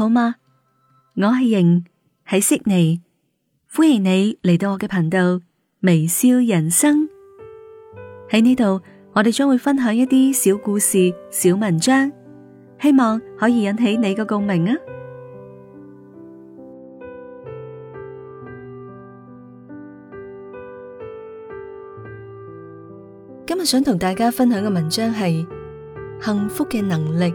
好嗎？我係瑩，喺悉尼，歡迎你嚟到我嘅頻道微笑人生。喺呢度，我哋將會分享一啲小故事、小文章，希望可以引起你嘅共鳴啊！今日想同大家分享嘅文章係幸福嘅能力。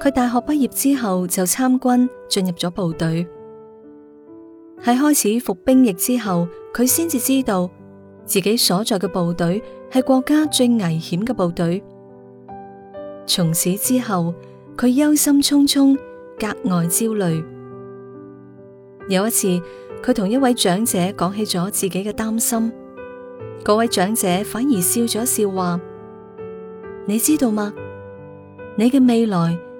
佢大學畢業之後就參軍進入咗部隊，喺開始服兵役之後，佢先至知道自己所在嘅部隊係國家最危險嘅部隊。從此之後，佢憂心忡忡，格外焦慮。有一次，佢同一位長者講起咗自己嘅擔心，嗰位長者反而笑咗笑，話：你知道嗎？你嘅未來。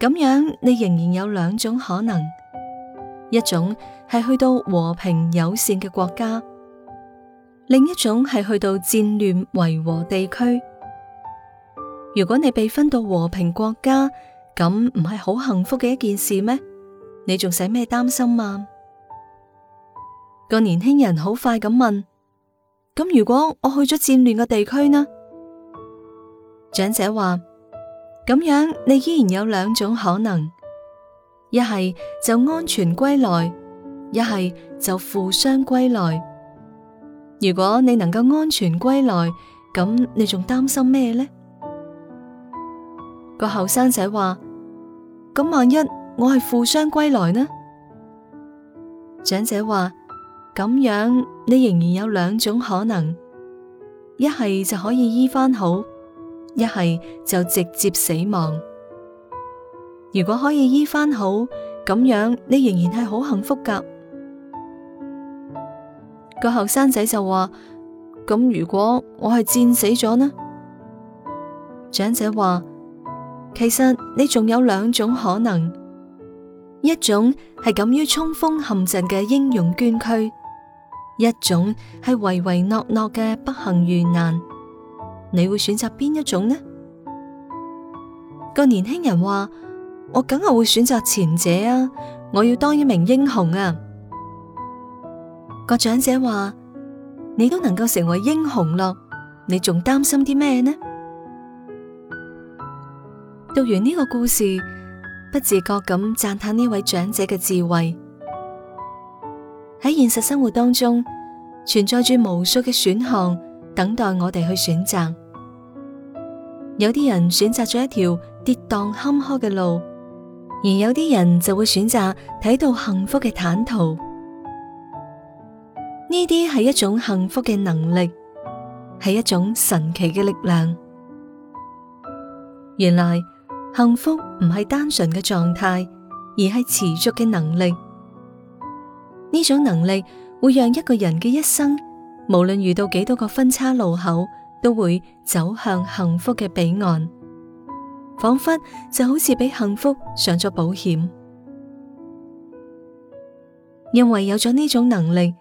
咁樣你仍然有兩種可能，一種係去到和平友善嘅國家，另一種係去到戰亂維和地區。如果你被分到和平國家，咁唔係好幸福嘅一件事咩？你仲使咩擔心啊？個年輕人好快咁問：咁如果我去咗戰亂嘅地區呢？長者話。咁樣，你依然有兩種可能，一係就安全歸來，一係就負傷歸來。如果你能夠安全歸來，咁你仲擔心咩呢？個後生仔話：咁萬一我係負傷歸來呢？長者話：咁樣你仍然有兩種可能，一係就可以醫翻好。一係就直接死亡。如果可以醫翻好，咁樣你仍然係好幸福噶。個後生仔就話：咁如果我係戰死咗呢？長者話：其實你仲有兩種可能，一種係敢於衝鋒陷陣嘅英勇捐軀，一種係唯唯諾諾嘅不幸遇難。你會選擇邊一種呢？個年輕人話：我梗係會選擇前者啊！我要當一名英雄啊！個長者話：你都能夠成為英雄咯，你仲擔心啲咩呢？讀完呢個故事，不自覺咁讚嘆呢位長者嘅智慧。喺現實生活當中，存在住無數嘅選項。等待我哋去選擇，有啲人選擇咗一條跌宕坎坷嘅路，而有啲人就會選擇睇到幸福嘅坦途。呢啲係一種幸福嘅能力，係一種神奇嘅力量。原來幸福唔係單純嘅狀態，而係持續嘅能力。呢種能力會讓一個人嘅一生。無論遇到幾多個分岔路口，都會走向幸福嘅彼岸，仿佛就好似俾幸福上咗保險。因為有咗呢種能力，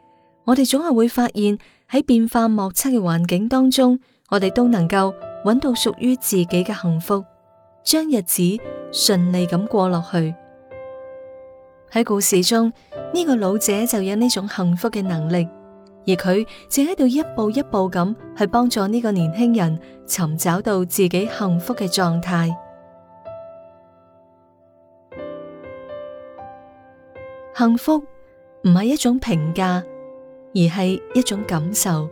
我哋總係會發現喺變化莫測嘅環境當中，我哋都能夠揾到屬於自己嘅幸福，將日子順利咁過落去。喺故事中，呢個老者就有呢種幸福嘅能力。而佢正喺度一步一步咁去幫助呢個年輕人尋找到自己幸福嘅狀態。幸福唔係一種評價，而係一種感受。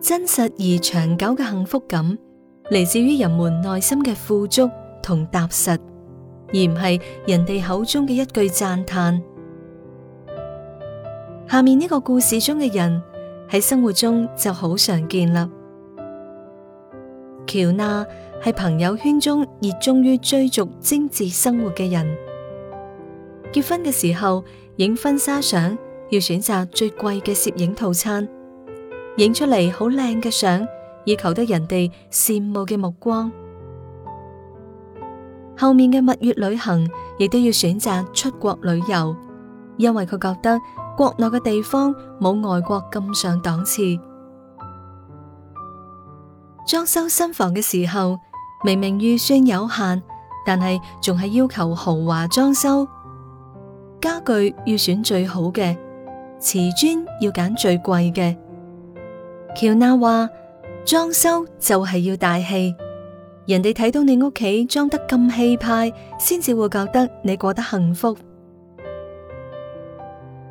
真實而長久嘅幸福感，嚟自於人們內心嘅富足同踏實，而唔係人哋口中嘅一句讚嘆。下面呢個故事中嘅人喺生活中就好常見啦。喬娜係朋友圈中熱衷於追逐精致生活嘅人，結婚嘅時候影婚紗相要選擇最貴嘅攝影套餐，影出嚟好靚嘅相，以求得人哋羨慕嘅目光。後面嘅蜜月旅行亦都要選擇出國旅遊，因為佢覺得。國內嘅地方冇外國咁上檔次，裝修新房嘅時候，明明預算有限，但係仲係要求豪華裝修，家具要選最好嘅，瓷磚要揀最貴嘅。喬娜話：裝修就係要大氣，人哋睇到你屋企裝得咁氣派，先至會覺得你過得幸福。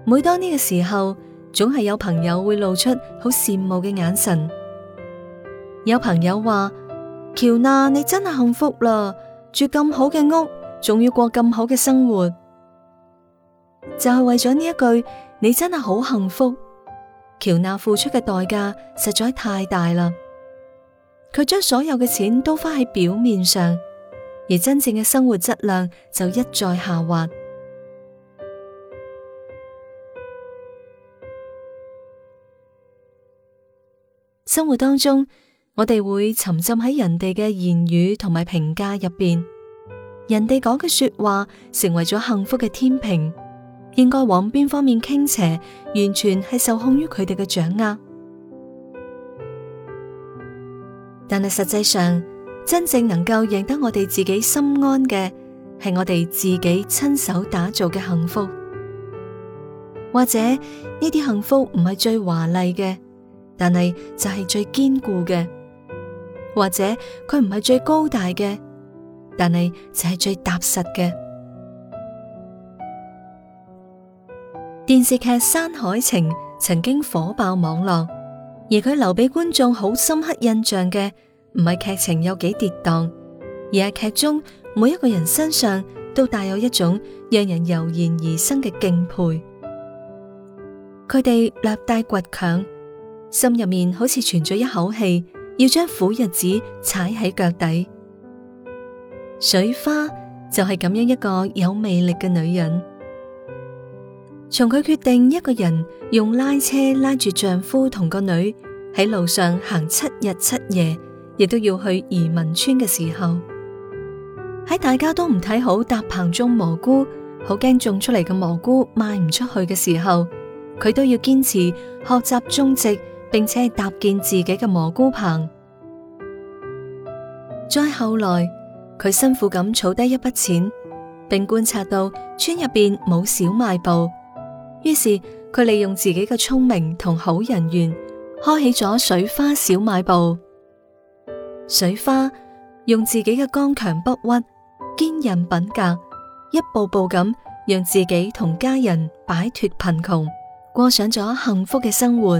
每當呢個時候，總係有朋友會露出好羨慕嘅眼神。有朋友話：喬娜你真係幸福啦，住咁好嘅屋，仲要過咁好嘅生活。就係為咗呢一句你真係好幸福，喬娜付出嘅代價實在太大啦。佢將所有嘅錢都花喺表面上，而真正嘅生活質量就一再下滑。生活當中，我哋會沉浸喺人哋嘅言語同埋評價入邊，人哋講嘅說話成為咗幸福嘅天平，應該往邊方面傾斜，完全係受控於佢哋嘅掌握。但係實際上，真正能夠贏得我哋自己心安嘅，係我哋自己親手打造嘅幸福，或者呢啲幸福唔係最華麗嘅。但係就係最堅固嘅，或者佢唔係最高大嘅，但係就係最踏實嘅。電視劇《山海情》曾經火爆網絡，而佢留俾觀眾好深刻印象嘅唔係劇情有幾跌宕，而係劇中每一個人身上都帶有一種讓人油然而生嘅敬佩。佢哋略帶倔強。心入面好似存咗一口氣，要將苦日子踩喺腳底。水花就係咁樣一個有魅力嘅女人。從佢決定一個人用拉車拉住丈夫同個女喺路上行七日七夜，亦都要去移民村嘅時候，喺大家都唔睇好搭棚種蘑菇、好驚種出嚟嘅蘑菇賣唔出去嘅時候，佢都要堅持學習種植。並且搭建自己嘅蘑菇棚。再後來，佢辛苦咁儲低一筆錢，並觀察到村入邊冇小賣部，於是佢利用自己嘅聰明同好人緣，開起咗水花小賣部。水花用自己嘅剛強不屈、堅韌品格，一步步咁讓自己同家人擺脫貧窮，過上咗幸福嘅生活。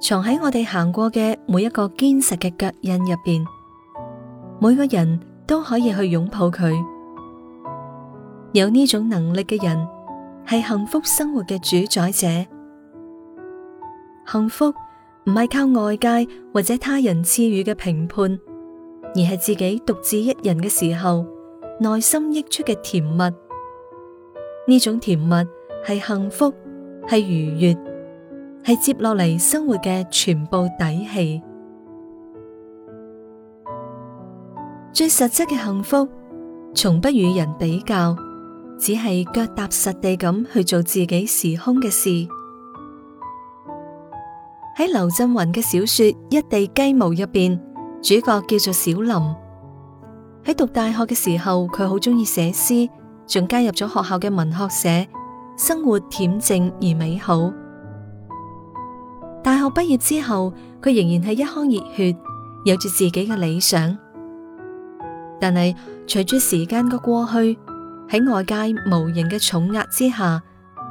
藏喺我哋行過嘅每一個堅實嘅腳印入邊，每個人都可以去擁抱佢。有呢種能力嘅人，係幸福生活嘅主宰者。幸福唔係靠外界或者他人賜予嘅評判，而係自己獨自一人嘅時候，內心溢出嘅甜蜜。呢種甜蜜係幸福，係愉悅。係接落嚟生活嘅全部底氣，最實質嘅幸福，從不與人比較，只係腳踏實地咁去做自己時空嘅事。喺劉震雲嘅小說《一地雞毛》入邊，主角叫做小林。喺讀大學嘅時候，佢好鍾意寫詩，仲加入咗學校嘅文學社，生活恬靜而美好。畢業之後，佢仍然係一腔熱血，有住自己嘅理想。但係隨住時間嘅過去，喺外界無形嘅重壓之下，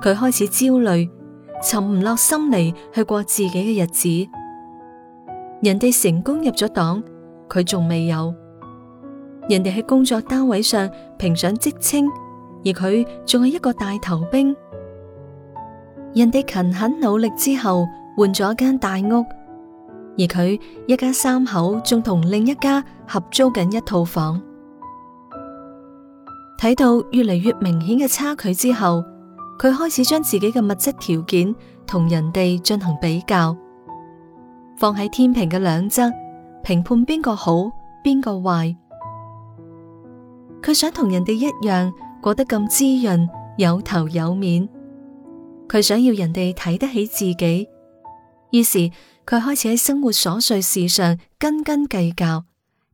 佢開始焦慮，沉唔落心嚟去過自己嘅日子。人哋成功入咗黨，佢仲未有；人哋喺工作單位上評上職稱，而佢仲係一個大頭兵。人哋勤懇努力之後，換咗間大屋，而佢一家三口仲同另一家合租緊一套房。睇到越嚟越明顯嘅差距之後，佢開始將自己嘅物質條件同人哋進行比較，放喺天平嘅兩側，評判邊個好，邊個壞。佢想同人哋一樣過得咁滋潤，有頭有面。佢想要人哋睇得起自己。於是佢開始喺生活瑣碎事上斤斤計較，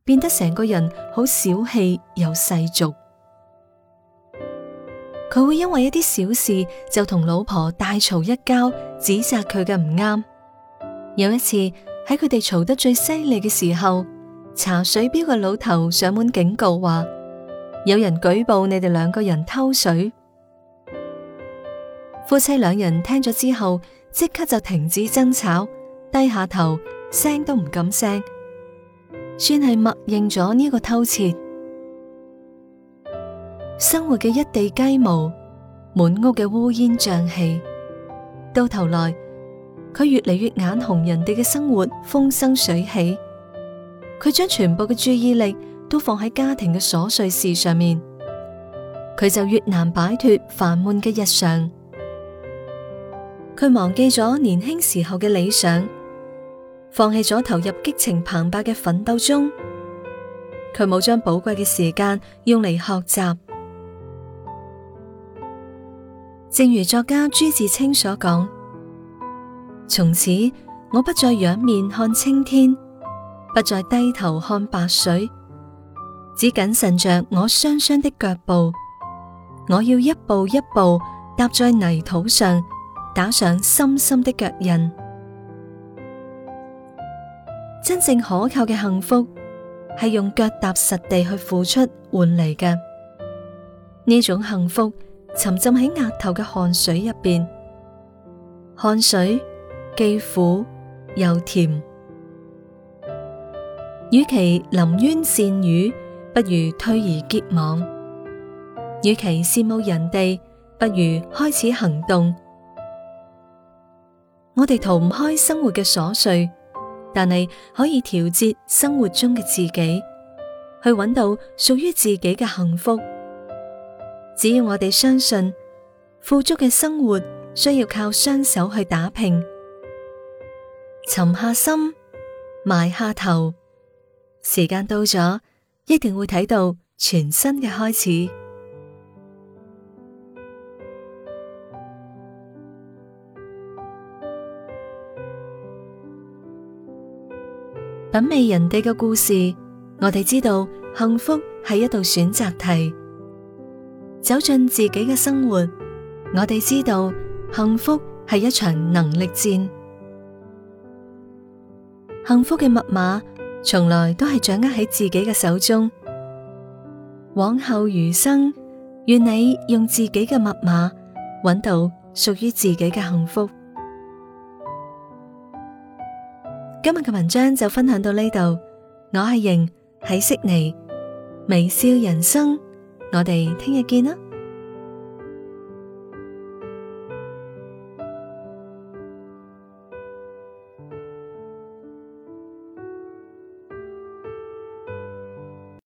變得成個人好小氣又世俗。佢會因為一啲小事就同老婆大吵一交，指責佢嘅唔啱。有一次喺佢哋嘈得最犀利嘅時候，查水表嘅老頭上門警告話：有人舉報你哋兩個人偷水。夫妻兩人聽咗之後，即刻就停止爭吵，低下頭，聲都唔敢聲，算係默認咗呢個偷竊。生活嘅一地雞毛，滿屋嘅烏煙瘴氣，到頭來佢越嚟越眼紅人哋嘅生活風生水起。佢將全部嘅注意力都放喺家庭嘅瑣碎事上面，佢就越難擺脫煩悶嘅日常。佢忘記咗年輕時候嘅理想，放棄咗投入激情澎湃嘅奮鬥中。佢冇將寶貴嘅時間用嚟學習。正如作家朱自清所講：從此我不再仰面看青天，不再低頭看白水，只謹慎着我雙雙的腳步。我要一步一步踏在泥土上。打上深深的腳印。真正可靠嘅幸福，係用腳踏實地去付出換嚟嘅。呢種幸福，沉浸喺額頭嘅汗水入邊。汗水既苦又甜。與其臨淵羨魚，不如退而結網。與其羨慕人哋，不如開始行動。我哋逃唔開生活嘅瑣碎，但係可以調節生活中嘅自己，去揾到屬於自己嘅幸福。只要我哋相信，富足嘅生活需要靠雙手去打拼，沉下心，埋下頭，時間到咗，一定會睇到全新嘅開始。品味人哋嘅故事，我哋知道幸福係一道選擇題。走進自己嘅生活，我哋知道幸福係一場能力戰。幸福嘅密碼從來都係掌握喺自己嘅手中。往後餘生，願你用自己嘅密碼，揾到屬於自己嘅幸福。今日嘅文章就分享到呢度，我係瑩，喺悉尼微笑人生，我哋聽日見啦。